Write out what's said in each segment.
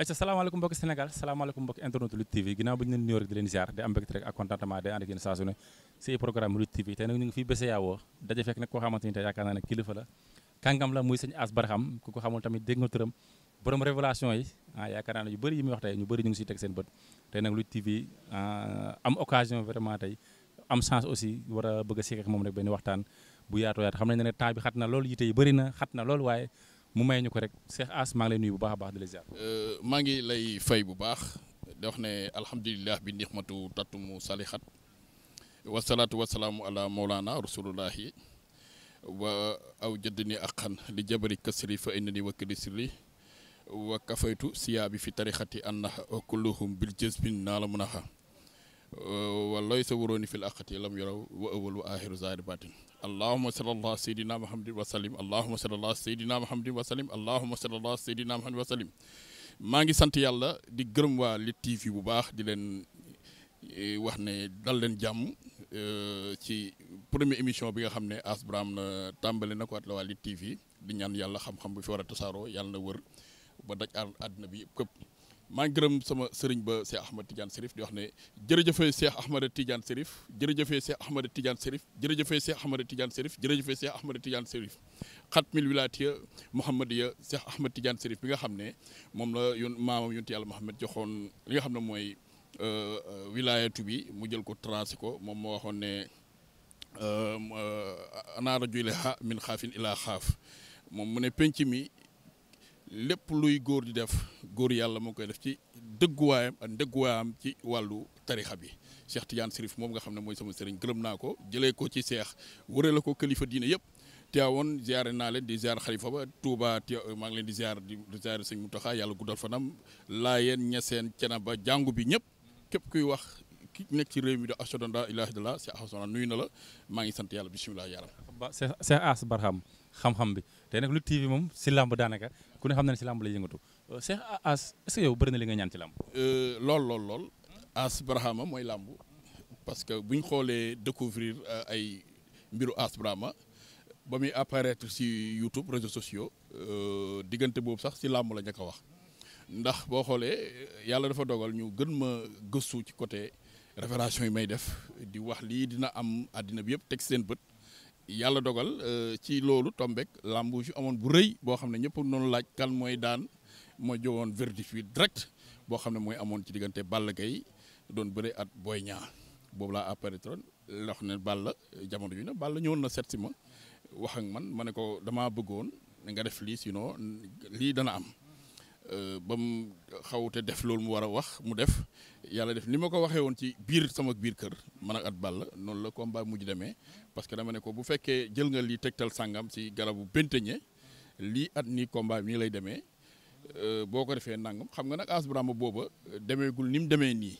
ayca salaamaaleykum mbokki Sénégal salaamaaleykum mbokki internet Lutte TV ginnaaw bi ñu leen nuyoo rek di leen ziar di am mbégte rek ak contentement day ah, ah, am occasion vraiment tey am chance aussi war a bëgg a seq ak moom rek benn waxtaan bu yaatoo yaatu xam nañ ne temps bi xat na lool yite yi bëri xat na lool waaye mu may ñu ko rek Cheikh As maa ngi lay bu baax a baax euh, maa ngi lay fay bu baax di wax ne alhamdulilah bi nixmatu tattumu salixat wasalaatu wasalaamu ala mawlaana rasulullahi wa aw jëddini aqan li jabari kasri fa innani wakkili sirri wa kafaytu siyaabi fi tarixati annaha kulluhum bil jësbin naa la munaxa walooy sa warooni fil aqati lam yorow wa ëwal wa aaxiru zaahir allahuma sal allah seydina mahamadin wa salim allahuma sal allah seydina mahamadin wa salim allahuma sal allah seydina mahamadin wa salim maa ngi sant yàlla di gërëm waa Lutte TV bu baax di leen eh, wax ne dal leen jàmm eh, ci première émission bi nga xam ne Ass Barham na tàmbali na ko at la waa Lutte TV di ñaan yàlla xam-xam bu fi war a tasaaroo yàlla na wër ba daj àdduna bi yëpp këpp maa ngi gërëm sama sëriñ ba Cheikh Ahmed Tidiane Serif di wax ne jërëjëfee Cheikh Ahmed Tidiane Serif jërëjëfee Cheikh Ahmed Tidiane Serif jërëjëfee Cheikh Ahmed Tidiane Serif jërëjëfee Cheikh Ahmed Tidiane Serif xatmil wilaatiya Muhammadiya Cheikh Ahmed Tidiane Serif bi nga xam ne moom la yoon maamam yonti yàlla Muhammad joxoon li nga xam ne mooy euh, euh, wilaayatu bi mu jël ko tracé ko moom moo waxoon ne euh, anaara juyleha min xaafin ilaa xaaf moom mu ne penc mi lépp luy góor di def góor yàlla moo koy def ci dëgguwaayam ak dëgguwaayam ci wàllu tarixa bi Cheikh Tidiane Sirif moom nga xam ne mooy sama sëriñ gërëm naa ko jële ko ci seex wëree la ko kilifa diine yëpp teewoon ziare naa leen di ziar xalifa ba Touba maa ngi leen di ziar di ziare sëñ Mountakha yàlla guddal fanam laayeen ñeseen cena ba jàngu bi ñëpp képp kuy wax ki nekk ci réew mi de ashhadu an laa ilaaha illallaah Cheikh Ahmadu nuyu na la maa ngi sant yàlla bisimilah yaaram. Cheikh As Barham xam-xam bi daanaka ku ne xam na ne si làmb lay yëngatu euh, Cheikh As est yow bëri na li nga ñaan ci làmb. Euh, lool lool lool As Brahama mooy làmb parce que bu ñu xoolee découvrir euh, ay mbiru As Brahama ba muy apparaître si YouTube réseaux sociaux diggante boobu sax si làmb la ñu ko wax ndax boo xoolee yàlla dafa dogal ñu gën ma gëstu ci côté révélation yi may def di wax lii dina am àddina bi yëpp teg seen bët. yàlla dogal euh, ci loolu tombek lambu ju amoon bu rëy boo xam ne ñëpp noonu laaj kan mooy daan moo jowoon verdict bi direct boo xam ne mooy amoon ci diggante Balla Gaye doon bëre at booy ñaa boobu laa apparaître lox ne Balla jamono ju ne Balla ñëwoon na set si ma wax ak man ma ne ko damaa bëggoon nga def lii sinon lii dana am Euh, ba mu te def loolu mu war a wax mu def yàlla def ni ma ko waxee woon ci biir sama biir kër man ak at ball noonu la combat mujj demee parce que dama ne ko bu fekkee jël nga lii tegtal sàngam si garabu benteñe lii at nii combat bi lay demee euh, boo ko defee nangam xam nga nag As booba euh, demeegul ni mu demee nii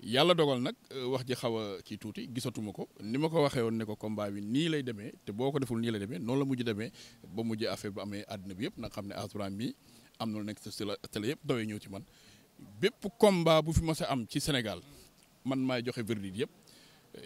yàlla dogal nag wax ji xaw a kii tuuti gisatuma ko ni ma ko waxee woon ne ko combat bi nii lay demee te boo ko deful nii lay demee noonu la mujj demee ba mujj affaire bu amee àddina bi yëpp nag xam ne As Brama mi am na lu nekk ci la télé yëpp dawee ñëw ci man bépp combat bu fi mës a am ci Sénégal man maay joxe verdict yëpp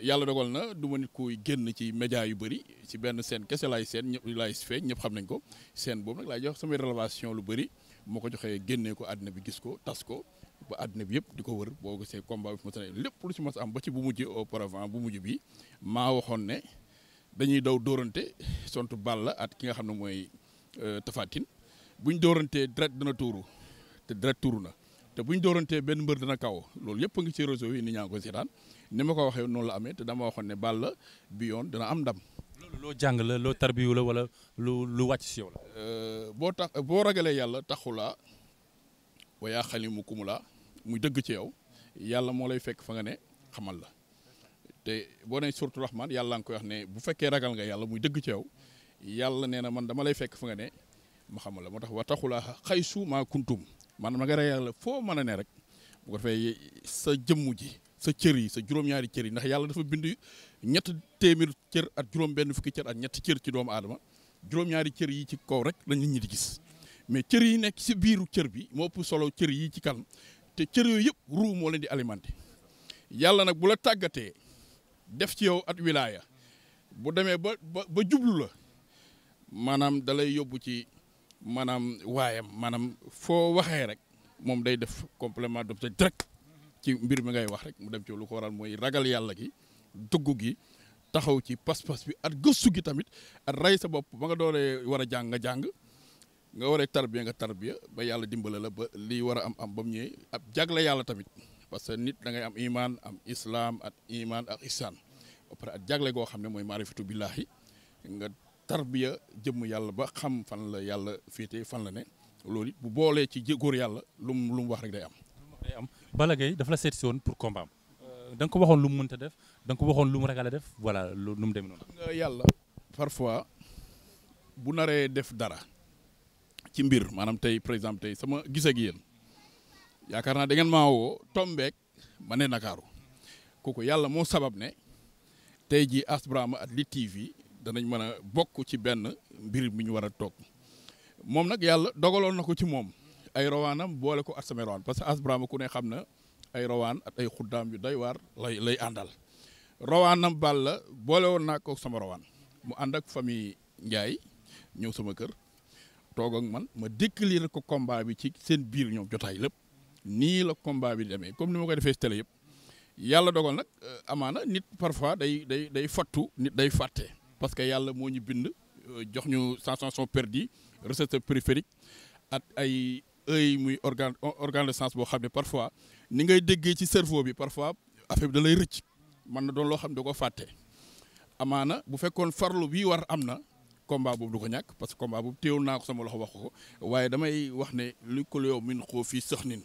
yàlla dogal na du ma nit kuy génn ci média yu bëri si benn seen kese laay seen ñëpp laay feeñ ñëpp xam nañ ko seen boobu nag laay jox samay révélation lu bëri moo ko joxee génnee ko àddina bi gis ko tas ko ba àddina bi yëpp di ko wër boo gisee combat bi fi mës a lépp lu ci mës a am ba ci bu mujj auparavant bu mujj bi maa waxoon ne dañuy daw dóorante sont Balla at ki nga xam ne mooy euh, Tapha bu ñu dóorantee direct dana tuuru te direct tuuru na te buñ dóorantee benn mbër dina kaw loolu yëpp a ngi ci réseau yi ni ñaa ngi ko seetaan ni ma ko waxee noonu la amee te dama waxoon ne Balla bi yoon dana am ndam. loolu loo jàng la loo tarbiyu la wala lu lu wàcc si yow la. Euh, boo tax boo ragalee yàlla taxulaa wayaa xalimu kumulaa muy dëgg ci yow yàlla moo lay fekk fa nga ne xamal la te boo nee surtout Rahman yàlla nga koy wax ne bu fekkee ragal nga yàlla mu dëgg ci yow yàlla nee na man dama lay fekk fa nga ne. ma xamal la moo tax wa taxulaa xaysu maa kuntum maanaam ma nga rey foo man a ne rek bu ko defee sa jëmm ji sa cër yi sa juróom-ñaari cër yi ndax yàlla dafa bind ñett téeméer cër ak juróom benn fukki cër ak ñett cër ci doomu aadama juróom-ñaari cër yi ci kaw rek la nit di gis mais cër yi nekk si biiru cër bi moo ëpp solo cër yi ci kanam te cër yooyu yëpp ruu moo leen di alimenté yàlla nag bu la tàggatee def ci yow at wilaaya bu demee ba ba jublu la maanaam dalay yóbbu ci maanaam waayam maanaam foo waxee rek moom day def complément d'objet direct ci mbir mi ngay wax rek mu dem ci lu ko waral mooy ragal yàlla gi dugg gi taxaw ci pas-pas bi at gëstu gi tamit at rey sa bopp ba nga dooree war a jàng nga jàng nga waree tarbiya nga tarbiya ba yàlla dimbala la ba lii war a am am ba mu ñëwee ab jagle yàlla tamit parce que nit dangay am iman am islam ak iman ak ihsan après at jagle goo xam ne mooy maarifatu billaahi nga tarbiya jëmm yàlla ba xam fan la yàlla féete fan la ne loolu bu boolee ci góor yàlla lu mu lu mu wax rek day am. day am Balla Gaye dafa la seet si woon pour kombam am euh, ko waxoon lu mu mënta def danga ko waxoon lu mu ragal a def voilà lu mu demee noonu. xam nga yàlla parfois bu naree def dara ci mbir maanaam tey par exemple tey sama gis ak yaakaar naa da ngeen maa woo tombeek ma ne Ndakaaru kooku yàlla moo sabab ne tey jii Asbrahama at li TV. danañ mën a bokk ci benn mbir mi ñu war a toog moom nag yàlla dogaloon na ko ci moom ay rawaanam boole ko ak samay rawaan parce que asbrama ku ne xam na ay rawaan ak ay xuddaam yu day waar lay lay àndal rawaanam bal la boole woon naa ko sama rawaan mu ànd ak famille Ndiaye ñëw sama kër toog man ma décliné ko combat bi ci seen biir ñoom jotaay lépp nii la combat bi demee comme ni ma ko defee si télé yëpp yàlla dogal nag euh, amaana nit parfois day day day fattu nit day fàtte. parce que yàlla moo ñu bind euh, jox ñu sensation perdue récepteur périphérique ak ay œil muy organe organe de sens boo xam ne parfois ni ngay déggee ci cerveau bi parfois affaire bi da lay rëcc man na doon loo xam ne da ko fàtte. amaana bu fekkoon farlu bi war am na combat boobu du ko ñàkk parce que combat boobu téewoon naa ko sama loxo wax ko waaye damay wax ne lu ko yow min xoo fii sox nin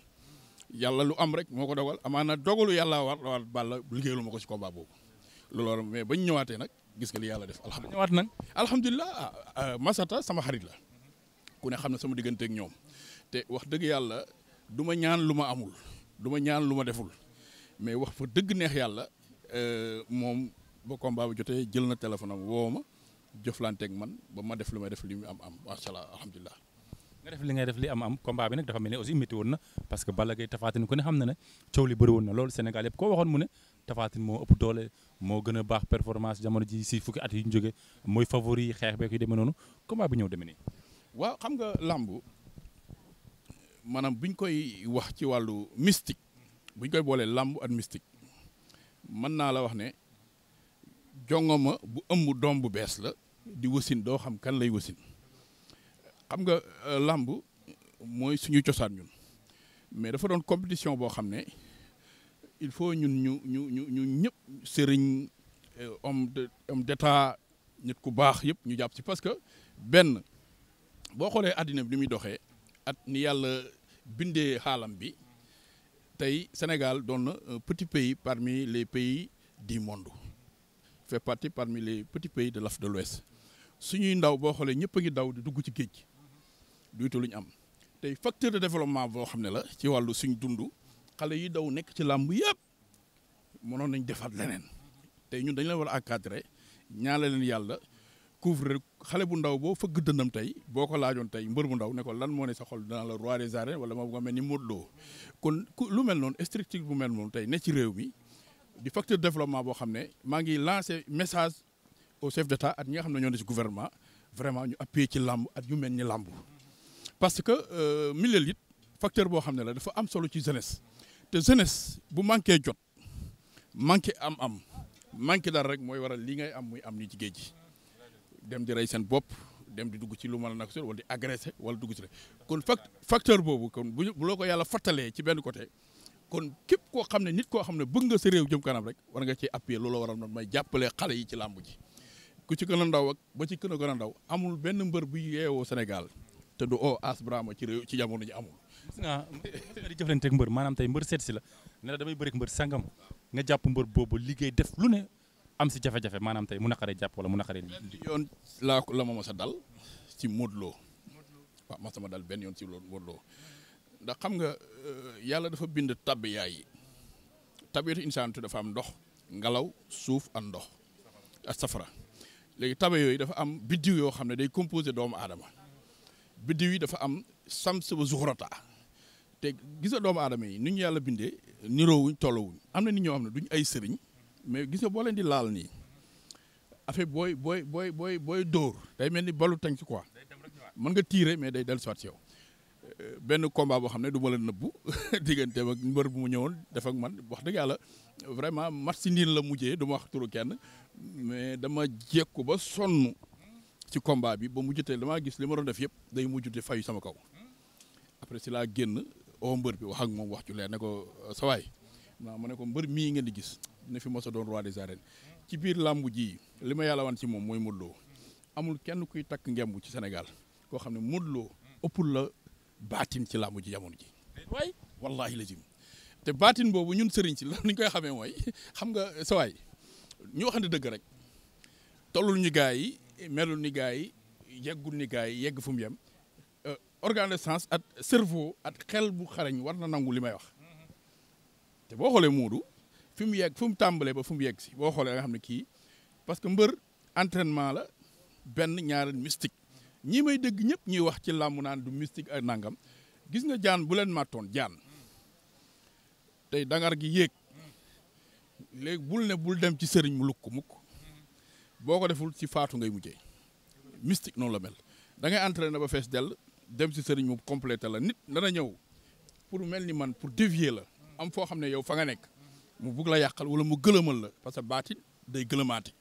yàlla lu am rek moo ko dogal amaana dogalu yàlla war war bàlla liggéeylu ma ko ci combat boobu loolu mais bañ ñëwaatee nag. gis nga li yàlla def alhamdulilah ñëwaat nag alhamdulilah ah, ah, Masata sama xarit la ku ne xam ne sama diggante ak ñoom te wax dëgg yàlla du ma ñaan lu ma amul duma ñaan lu ma deful mais wax fa dëgg neex yàlla euh, moom ba combat bi jotee jël na téléphone am woo ma jëflanteeg man ba ma def lu may def li mu am am macha allah alhamdulilah. nga def li ngay def li am am combat bi nag dafa mel aussi métti woon na parce que Balla Gaye Tapha ku ne xam na ne coow li bëri woon na loolu senegal yëpp koo waxoon mu ne Tapha moo ëpp doole moo gën a baax performance jamono ji si fukki at yi ñu jóge mooy favori yi xeex beek yu demee noonu combat bi ñëw demee nii. waaw xam nga làmb maanaam buñ koy wax ci wàllu mystique buñ koy boolee làmb ak mystique mën naa la wax ne jongoma bu ëmb doom bu bees la di wasin doo xam kan lay wasin xam nga euh, làmb mooy suñu cosaan ñun mais dafa doon compétition boo xam ne. il faut ñun ñu ñu ñu ñu ñëpp sëriñ euh, homme de homme d'état nit ku baax yëpp ñu jàpp si parce que benn boo xoolee àddina bi ni muy doxee at ni yàlla bindee xaalam bi tey Sénégal doon na un petit pays parmi les pays di monde fait partie parmi les petits pays de l'Afrique de l'Ouest suñuy ndaw boo xoolee ñëpp a ngi daw di dugg ci géej gi duytu lu ñu am tey facteur de développement boo xam ne la ci wàllu suñ dund xale yi daw nekk ci làmb yëpp mënoon nañ defaat leneen tey ñun dañu leen war a encadrer ñaan leen yàlla couvrir xale bu ndaw boo fëgg dëndam tey boo ko laajoon tey mbër bu ndaw ne lan moo ne sa xol dana la roi des arènes wala moo nga mel ni Modou Lo kon lu mel noonu structure bu mel noonu tey ne ci réew mi di facteur développement boo xam ne maa ngi lancé message au chef d'état at ñi nga xam ne ñoo ne ci gouvernement vraiment ñu appuyer ci làmb at yu mel ni làmb parce que euh, milieu it facteur boo xam ne la dafa am solo ci jeunesse. te jeunesse bu manqué jot manqué am-am manqué dara rek mooy waral li ngay am muy am ni ci géej gi dem di rey seen bopp dem di dugg ci lu mën a nag wala di agressé wala dugg ci rek kon facteur boobu kon bu loo ko yàlla fattalee ci benn côté kon képp koo xam ne nit koo xam ne bëgg nga si réew jëm kanam rek war nga ciy appuyer loolu waral may jàppale xale yi ci làmb ji ku ci gën a ndaw ak ba ci gën a gën a ndaw amul benn mbër bu yeewoo Sénégal te du oo As ci réew ci jamono ji amul ah di jëflanteeg mbër maanaam tey mbër seet si la ne damay bëri mbër sangam nga jàpp mbër boobu liggéey def lu ne am si jafe-jafe maanaam tey mu naqaree jàpp wala mu naqaree. benn yoon laa la ma mos a dal ci Modou Lo waaw mos a ma dal benn yoon ci Modou Lo ndax xam nga euh, yàlla dafa bind tabiyaay yi tabiyatu dafa am ndox ngelaw suuf ak ndox ak safara léegi tabe yooyu dafa am biddiw yoo xam ne day composé doomu aadama biddiw yi dafa te gisa nga doomu aadama yi ni ñu yàlla bindee niroowuñ tolluwuñ am na nit ñoo xam ne duñ ay sëriñ mais gis nga boo leen di laal nii affaire booy booy booy booy booy dóor day mel ni balu ci quoi man nga tiire mais day dellu soit yow euh, benn combat boo xam ne du ma la nëbbu diggante ak mbër bu mu ñëwoon def ak man wax dëgg yàlla vraiment match si niin la mujjee du ma wax turu kenn mais dama jekku ba sonn ci combat bi ba mujjatee damaa gis li ma doon def yëpp day mujjate fayu sama kaw oo mbër bi wax ak moom wax ju leer ne ko euh, sawaay naa ma ne ko mbër mii ngeen di gis ne fi mos a doon roi des arènes ci biir làmb ji li ma yàlla wan ci moom mooy Modou Lo amul kenn kuy takk ngemb ci senegal koo xam ne Modou Lo ëppul la baatin ci làmb ji jamono ji waay wallaahi lazim te baatin boobu ñun sëriñ si lan ñu koy xamee mooy xam nga sawaay xam ne dëgg rek tollul ñu gaa yi melul ni gaa yi yeggul ni gaa yi yegg fu mu yem organe de sens ak cerveau ak xel bu xarañ war na nangu li may wax te boo xoolee Moodu fi mu yegg fi mu tàmbalee ba fi mu yegg si boo xoolee nga xam ne kii parce que mbër entraînement la benn ñaar mystique ñi may dégg ñëpp ñuy wax ci làmb naan du mystique ak nangam gis nga jaan bu leen màttoon jaan tey dangar gi yéeg léegi bul ne bul dem ci sëriñ mu lukk mukk boo ko deful si faatu ngay mujjee mystique noonu la mel da ngay entraîné ba fees dell dem si sëriñ mu complété la nit dana ñëw pour mel ni man pour dévier la am foo xam ne yow fa nga nekk mu bugg la yàqal wala mu gëlëmal la parce que baatin day gëlëmaati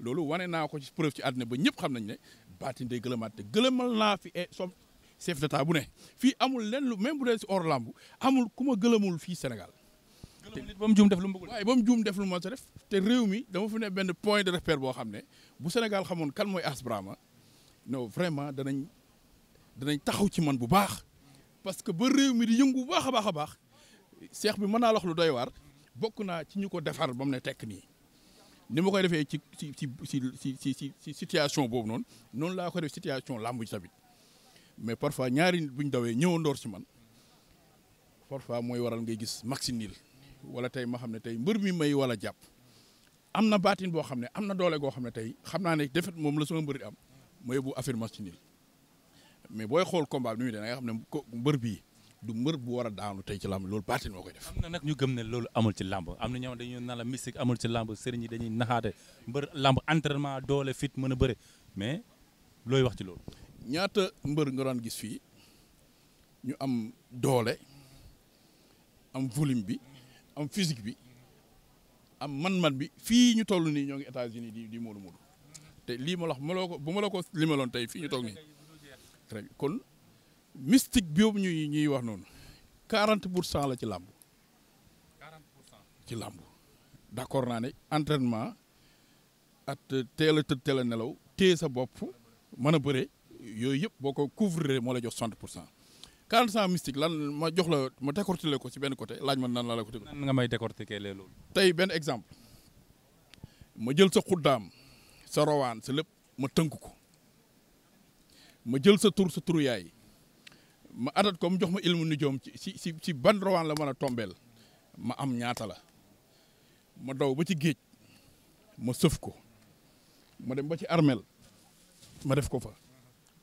loolu wane naa ko ci preuve ci àddina ba ñëpp xam nañ ne baatin day gëlëmaati te gëlëmal naa fi e som chef d'état bu ne fii amul lenn lu même bu dee si or lamb amul ku ma gëlëmul fii Sénégal ba mu juum def lu mu bëggul waaye ba juum def lu mu mën sa def te réew mi dama fi ne benn point de repère boo xam ne bu Sénégal xamoon kan mooy Ass Barhama vraiment danañ danañ taxaw ci man bu baax parce que ba réew mi di yëngu bu baax a baax a baax seex bi mën naa lox lu doy war bokk naa ci ñu ko defar ba mu ne tekk nii ni ma koy defee ci ci ci ci ci ci ci situation boobu noonu noonu laa ko def situation làmb ji tamit mais parfois ñaari buñ dawee ñëwandoor ci man parfois mooy waral ngay gis maxi niil wala tey ma xam ne tey mbër mi may wala jàpp am na baatin boo xam ne am na doole goo xam ne tey xam naa ne defet moom la sama mbëri am mooy bu affirmation niil mais booy xool combat bi nu muy demee nga xam ne mbër bii du mbër bu war a daanu tey ci làmb loolu baatin moo koy def. am na nag ñu gëm ne loolu amul ci làmb am na ñoo xam dañu naan la mystique amul ci làmb sëriñ yi dañuy naxaate mbër làmb entraînement doole fit mën a bëre mais looy wax ci loolu. ñaata mbër nga gis fii ñu am doole am volume bi am physique bi am bi fii ñu toll nii ñoo ngi États-Unis di di Modou Modou te lii ma la wax ko bu ma la ko tey fii ñu toog nii. très bien kon mystique boobu ñuy ñuy wax noonu quarante pour cent la ci làmb quarante pour ci làmb d'accord naa ne entraînement at teel a tëdd teel a nelaw téye sa bopp mën a bëre yooyu yëpp boo ko couvrir moo la jox soixante pour cent quarante cent mystique lan ma jox la ma décortiquer ko si benn côté laaj ma nan la la ko tëgg. nan nga may décortiquer loolu. tey benn exemple ma jël sa xuddaam sa rawaan sa lépp ma tënk ko. ma jël sa tur sa turu yaay ma adat ko mu jox ma ilmu nijoom ci si si si ban rawaan la man a tombeel ma am ñaata la ma daw ba ci géej ma sëf ko ma dem ba ci armeel ma def ko fa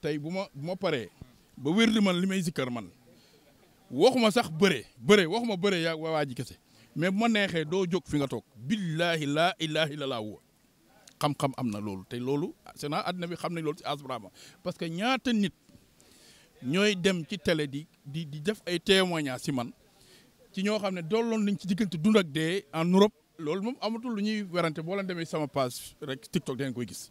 tey bu ma bu ma paree ba wér di man li may sikkar man waxuma sax bëre bëre waxuma bëre yaa waa ji kese mais bu ma neexee doo jóg fi nga toog billaahi laa ilaaha illallaa xam-xam am na loolu te loolu sénat àddina bi xam nañ loolu ci Ass parce que ñaata nit ñooy dem ci tele di di di def ay témoignages si man ci ñoo xam ne dolloon nañ ci diggante dund ak dee en loolu moom amatul lu ñuy werante boo leen demee sama page rek TikTok da ngeen koy gis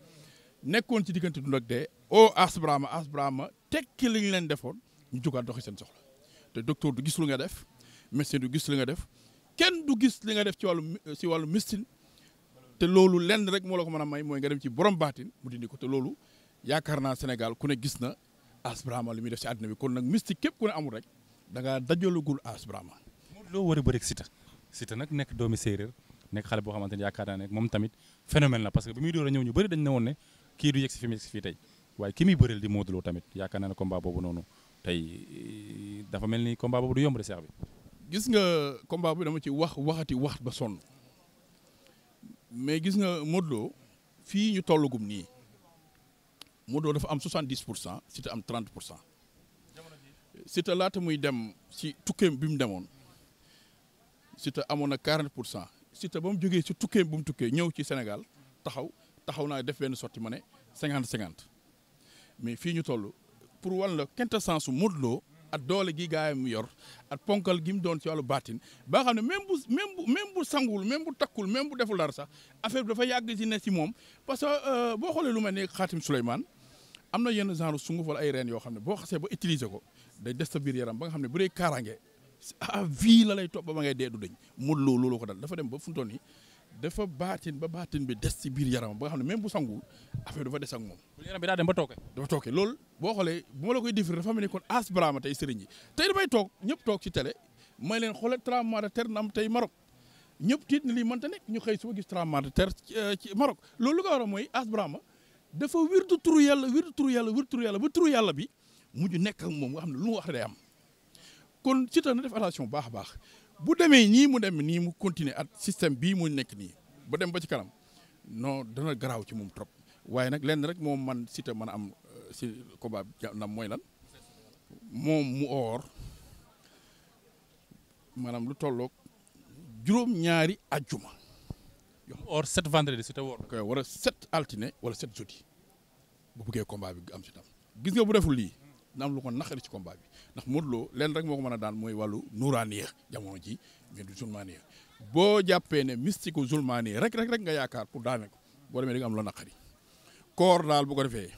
nekkoon ci diggante dund de dee o Ass Barhama Ass Barhama tekki li ñu leen defoon ñu jugaat doxi seen soxla te docteur du gis lu nga def médecin du gis li nga def kenn du gis li nga def ci wàllu si wàllu médecine te loolu lenn rek moo la ko mën a may mooy nga dem ci borom baatin mu dindi ko te loolu yaakaar naa Sénégal ku ne gis na Ass Barhama li muy def si àddina bi kon nag mystique képp ku ne amul rek da ngaa dajalagul Ass Barhama. loo war a bëri Siteu Siteu nag nekk doomi séeréer nekk xale boo xamante yaakaar naa ne moom tamit phénomène parce que bi muy door a ñëw bëri dañ ne woon ne kii du yegg si fi mu ki muy bëreel di Modou Lo tamit yaakaar naa ne combat boobu noonu tey dafa mel ni combat boobu du yomb de seex bi. gis nga combat bi dama ci wax waxati wax ba sonn mais gis nga Modou fii ñu tollugum nii Modou Lo dafa am 70 pour cent Siteu am trente pour cent Siteu laata muy dem si tukkeem bi mu demoon Siteu amoon na 40 pour cent Siteu ba mu jógee si tukkee bu mu tukkee ñëw ci Sénégal taxaw taxaw naa def benn sortie ma ne 50 50 mais fii ñu toll pour wàll quintessence su Modou ak doole gi gaa mu yor ak ponkal gi mu doon ci wàllu baatin ba nga ne même bu même bu bu sangul même bu takkul même bu deful dara sax affaire bi dafa yàgg ci ne si moom parce que euh, boo xoolee lu ma ne xaatim Souleymane am na yenn genre sunguf wala ay reen yoo xam ne boo xasee ba utiliser ko day des sa biir yaram ba nga xam ne bu dee kaaraange à vie la lay topp ba ba ngay dee du dañ mu loolu loolu ko dal dafa dem ba fu mu toll dafa baatin ba baatin bi des ci biir yaram ba nga xam ne même bu sangul affaire dafa des ak moom. yaram bi daa dem ba tooke. dafa tooke loolu boo xoolee bu ma la koy déful dafa mel ni kon as brahma tey sëriñ yi tey dafay toog ñëpp toog ci télé may leen xoolee tremblement de terre na am tey Maroc ñëpp tiit na lii mënta nekk ñu xëy suba gis tremblement de terre ci euh, Maroc loolu lu ko waral mooy as brahma dafa wirdu turu yàlla wirdu turu yàlla wirdu turu yàlla ba turu yàlla bi mujj nekk ak moom nga xam ne lu mu wax day am kon ci tax na def attention baax a baax bu demee ñii mu dem nii mu continuer at système bii mu nekk nii ba dem ba ci kanam non dana garaaw ci moom trop waaye nag lenn rek moom man Siteu mën a am euh, si combat ndam mooy lan moom mu oor maanaam lu tollook juróom-ñaari ajjuma or sept vendredi Siteu woor wala set altine wala sept jeudi bu buggee combat bi am si tam gis nga bu deful lii dina am lu ko ci combat bi ndax Modou Lo leen rek moo ko mën a daan mooy wàllu nuuraaniya jamono ji mais du zulmaaniya boo jàppee ne mystique u zulmaaniya rek rek rek nga yaakaar pour daane ko boo demee da am lu naqari koor daal bu ko defee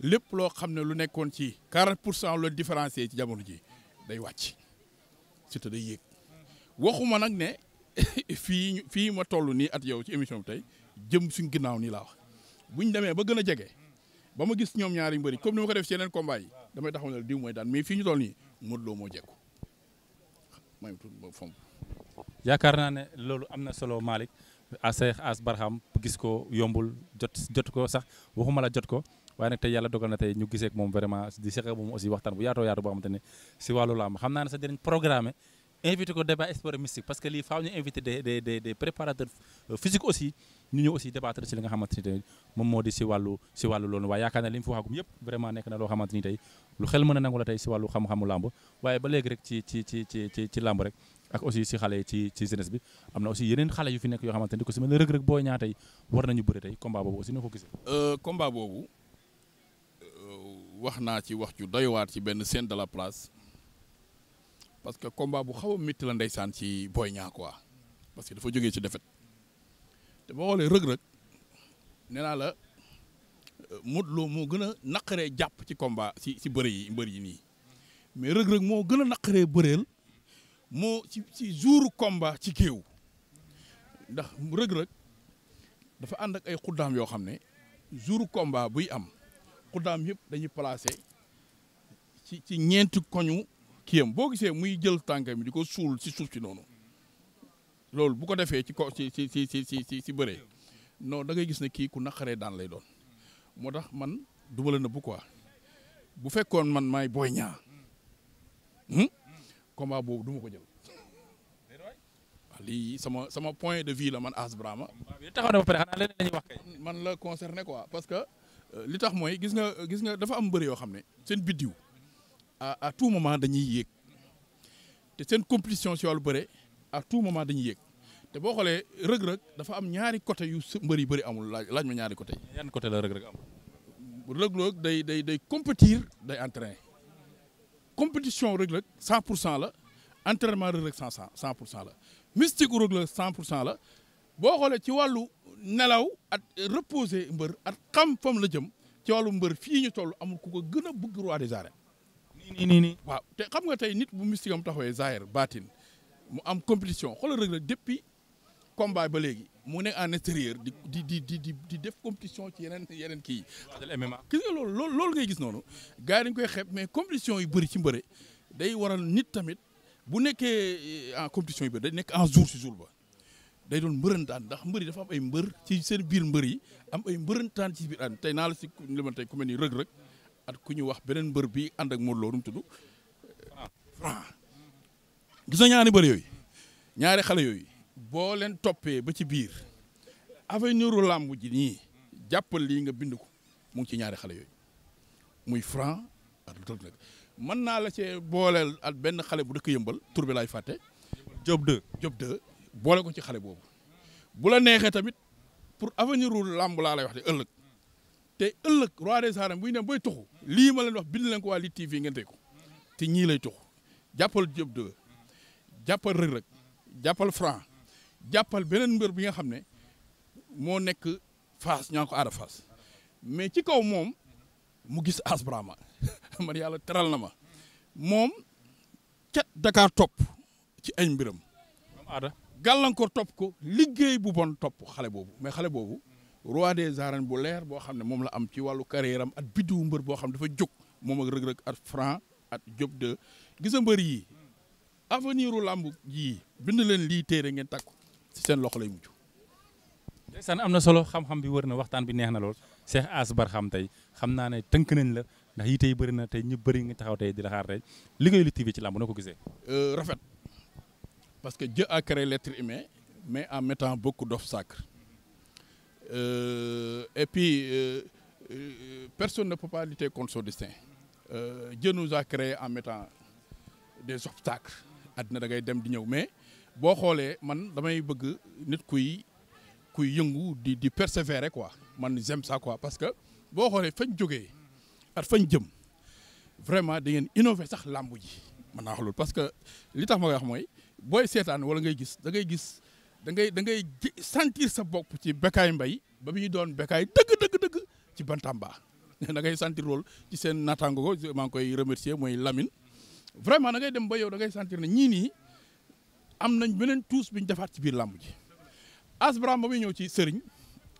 lépp loo xam ne lu nekkoon ci 40 pour cent la différencier ci jamono ji day wàcc surtout day yéeg waxuma nag ne fii fii ma toll nii at yow ci émission bi tey jëm suñ ginnaaw nii laa wax buñ demee ba gën a jege. ba ma gis ñoom ñaari mbëri comme ni ma ko def ci yeneen combat yi damay taxaw ne diw mooy daan mais fii ñu toll nii Modou Lo moo jekku yaakaar naa ne loolu am na solo Malick Cheikh Ass Barham gis ko yombul jot jot ko sax waxuma la jot ko waaye nag tey yàlla dogal na te ñu gisee ak moom vraiment di seq ak moom aussi waxtaan bu yaatoo yaatu boo xamante ne si wàllu làmb xam naa ne sax dinañ programme invité ko débat sport mystique parce que lii faaw ñu invité des des des aussi ñu ñëw aussi débattre si li nga xamante ni moom moo di si wàllu si wàllu loolu waaye yaakaar na li mu fi waxagum yëpp vraiment nekk na loo xamante ni tey lu xel mën a nangu la tey si wàllu xam-xamu làmb waaye ba léegi rek ci ci ci ci ci ci làmb rek ak aussi si xale yi ci ci jeunesse bi am na aussi yeneen xale yu fi nekk yoo xamante ni ko si mel ne Reug Reug Boy Niang war nañu bëre tey combat boobu aussi noo ko gisee euh, euh, wax naa ci wax ju doywaat ci benn scène de la place parce que combat bu xaw a métti la ndeysaan ci Boy Niang quoi parce que dafa ci défaite te boo xoolee rëg-rëg nee naa la euh, Modou Lo moo gën a naqaree jàpp ci komba si si bëre yi mbër yi nii mais rëg-rëg moo gën a naqaree bëreel moo ci ci jour komba ci géew ndax rëg-rëg dafa ànd ak ay xuddaam yoo xam ne jour komba buy am xuddaam yëpp dañuy placé ci ci ñeenti koñu kiyam boo gisee muy jël tànk mi di ko suul si suuf si noonu loolu bu ko defee ci ko ci ci ci ci ci ci bëree non da ngay gis ne kii ku naqaree daan lay doon moo tax man duma la nëbbu quoi bu fekkoon man may Boy Niang hmm? combat boobu duma ko jël waaw lii sama sama point de vue la man As Brahma man la concerné quoi parce que euh, li tax mooy gis nga gis nga dafa am mbër yoo xam ne seen biddiw a à tout moment dañuy yéeg te seen compétition si lu bëre à tout moment dañuy yéeg te boo xoolee rëg-rëg dafa am ñaari côté yu mbër yu bëri amul laaj laaj ma ñaari côté yi. yan côté la rëg-rëg am. rëg-rëg day day day compétir day entraîner compétition rëg-rëg cent pour cent la entraînement rëg-rëg 100 100 pour cent la mystique rëg-rëg 100 pour cent la boo xoolee ci wàllu nelaw at reposer mbër at xam fam la jëm ci wàllu mbër fii ñu toll amul ku ko gën a bëgg roi des arènes. nii nii nii waaw te xam nga tey nit bu mystique am taxawee zaahir baatin mu am compétition xolo rëg-rëg depuis. combat ba léegi mu ne en extérieur di di di di di def compétition ci yeneen yeneen kii yi. MMA gis nga loolu loolu ngay gis noonu gars yi dañ koy xeeb mais compétition yu bëri ci mbëre day waral nit tamit bu nekkee eh, en compétition yu bëri day nekk en jour si jour ba day doon mbërëntaan ndax mbëri dafa am ay mbër ci seen biir mbër yi am ay mbërëntaan ci biir tey naa la si li ma tey ku mel ni rëg-rëg at ku ñu wax beneen mbër bi ànd ak Modou Lo nu mu tudd. gis na ñaari mbër yooyu ñaari xale yooyu. boo leen toppee ba ci biir avenir u làmb ji nii jàppal lii nga bind ko mu ci ñaari xale yooyu muy franc ak lu nag mën naa la cee booleel ak benn xale bu dëkk yëmbal tur bi laay fàtte. Diop 2 Diop 2 boole ko ci xale boobu bu la neexee tamit pour avenir u làmb laa lay wax de ëllëg te ëllëg roi des arènes buy dem booy toxu lii ma leen wax bind leen ko waa Lutte TV ngeen ko te ñii lay tuxu jàppal Diop 2 jàppal Reug Reug jàppal franc. jàppal beneen mbër bi nga xam ne moo nekk Fass ñaa ko aada Fass mais ci kaw moom mu gis Ass ma man yàlla teral na ma moom ca dakaar topp ci ay mbiram aada gàllankoor topp ko liggéey bu bon topp xale boobu mais xale boobu roi des arènes bu leer boo xam ne moom la am ci wàllu carrière am at biddiwu mbër boo xam ne dafa jóg moom ak rëg-rëg at franc at job de gisa mbër yi avenir u làmb yii bind leen lii téere ngeen takku ci seen loxo lay mujj. ndeysaan am na solo xam-xam bi wër na waxtaan bi neex na lool Cheikh Ass xam tey xam naa ne tënk nañ la ndax yi tey bëri na tey ñu bëri nga taxaw tey di la xaar tey liggéeyu Lutte TV ci làmb na ko gisee. Euh, rafet parce que Dieu a créé l'être humain mais en mettant beaucoup d'obstacles euh, et puis euh, euh, personne ne peut pas lutter contre son destin. Dieu a créé en mettant des obstacles àddina da ngay dem di ñëw mais. boo xoolee man damay bëgg nit kuy kuy yëngu di di persévérer quoi man j'aime ça quoi parce que boo xoolee fañ jógee at fañ jëm vraiment da ngeen innover sax làmb ji man naa loolu parce que li tax ma koy ax mooy booy seetaan wala ngay gis dangay gis da ngay da ngay sentir sa bopp ci Bécaye mbay ba bi ñu doon Bécaye dëgg dëgg dëgg ci Bantamba da ngay sentir loolu ci seen naataango ko maa koy remercier mooy Lamine vraiment da ngay dem ba yow da ngay sentir ne ñii nii am nañ beneen tuus bi ñu defaat ci biir làmb ji As Barham ba muy ñëw ci sëriñ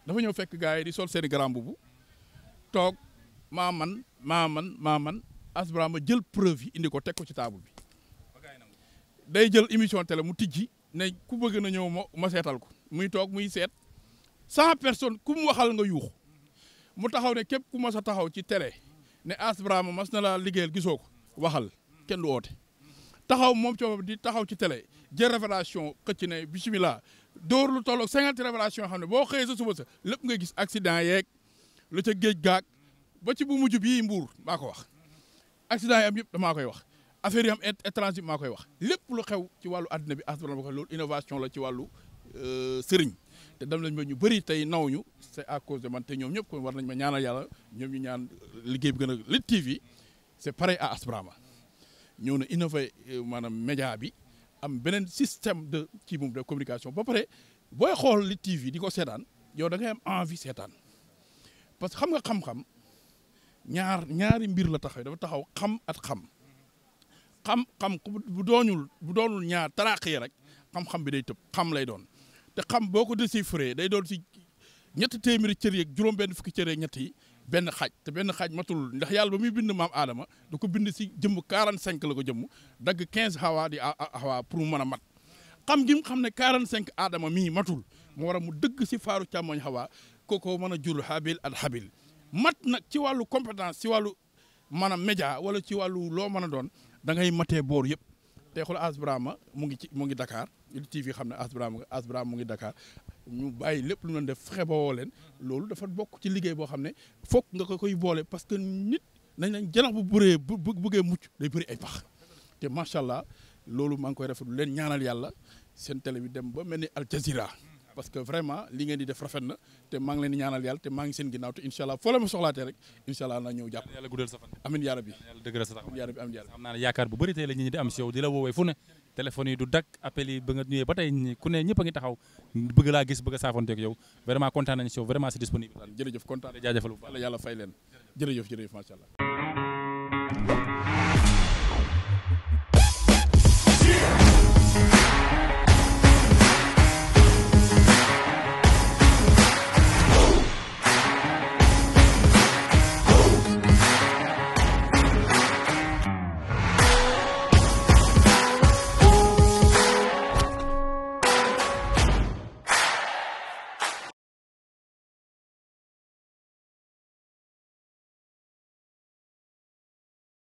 dafa ñëw fekk gars yi di sol seen i bu toog maa man maa man maa man As ba jël preuve indi ko teg ko ci table bi day jël émission tele mu tijji ne ku bëgg na ñëw ma ma seetal ko muy toog muy seet cent personnes ku waxal nga yuux mu taxaw ne képp ku mas a taxaw ci télé ne As ma mas na laa liggéeyal gisoo ko waxal kenn du oote taxaw moom coobam di taxaw ci tele jël révélation xëcc ne bisimilah dóor lu tolloog cinquante révélation xam ne boo xëyee sa suba sa lépp nga gis accident yeeg lu ca géej gaag ba ci bu mujj bii mbuur maa ko wax accident yi am yëpp damaa koy wax affaire yam am étrange maa koy wax lépp lu xew ci wàllu àddina bi asbara ma ko loolu innovation la ci wàllu euh, sëriñ te dem lañ ma ñu bëri tey naw ñu c'est à cause de man te ñoom ñëpp kon war nañ ma ñaanal yàlla ñoom ñu ñaan liggéey bi gën a Lutte TV c'est pareil à Asbrama ñëw na innové euh, maanaam média bi am beneen système de ci de communication ba pare booy xool li TV di ko seetaan yow da ngay am envie seetaan parce que xam nga xam-xam ñaar ñaari mbir la taxaw dafa taxaw xam at xam xam-xam bu dooñul bu doonul ñaar taraax yi rek xam-xam bi day tëb xam lay doon te xam boo ko déchiffré day doon si ñetti téeméeri cër yeeg juróom-benn fukki cër yeeg ñett yi benn xaaj te benn xaaj matul ndax yàlla ba muy bind maam aadama da ko bind si jëmm cinq la ko jëmm dagg 15 xawaa di xawaa pour mu mën a mat xam gi mu xam ne quarante 45 aadama mii matul mu war mu dëgg si faaru càmmoñ xawaa ko mën a jur habil al habil mat nag ci wàllu compétence ci wàllu maanaam média wala ci wàllu loo mën a doon dangay ngay matee boor yëpp te xool Asbrahima mu ngi ci mu ngi Dakar TV xam ne Asbrahima Asbrahima mu ngi Dakar ñu bàyyi lépp lu ñu def fexe ba woo leen loolu dafa bokk ci liggéey boo xam ne foog nga ko koy boole parce que nit nañ nañ janax bu bëree bu bëggee mucc day bëri ay pax te macha allah loolu maa ngi koy rafetlu leen ñaanal yàlla seen télé bi dem ba mel ni Al Jazeera parce que vraiment li ngeen di def rafet na te maa ngi leen ñaanal yàlla te maa ngi seen ginnaaw te incha foo la ma soxlaatee rek incha naa ñëw jàpp yàlla guddal sa fan amiin yaa rabbi téléphone yi du dak appel yi ba nga ñëwee ba tey ku ne ñëpp a ngi taxaw bëgg laa gis bëgg a saafonteeg yow vraiment kontaan nañu si yow vraiment c'est disponible. jërëjëf kontaan jaajëfal bu baax yàlla fay leen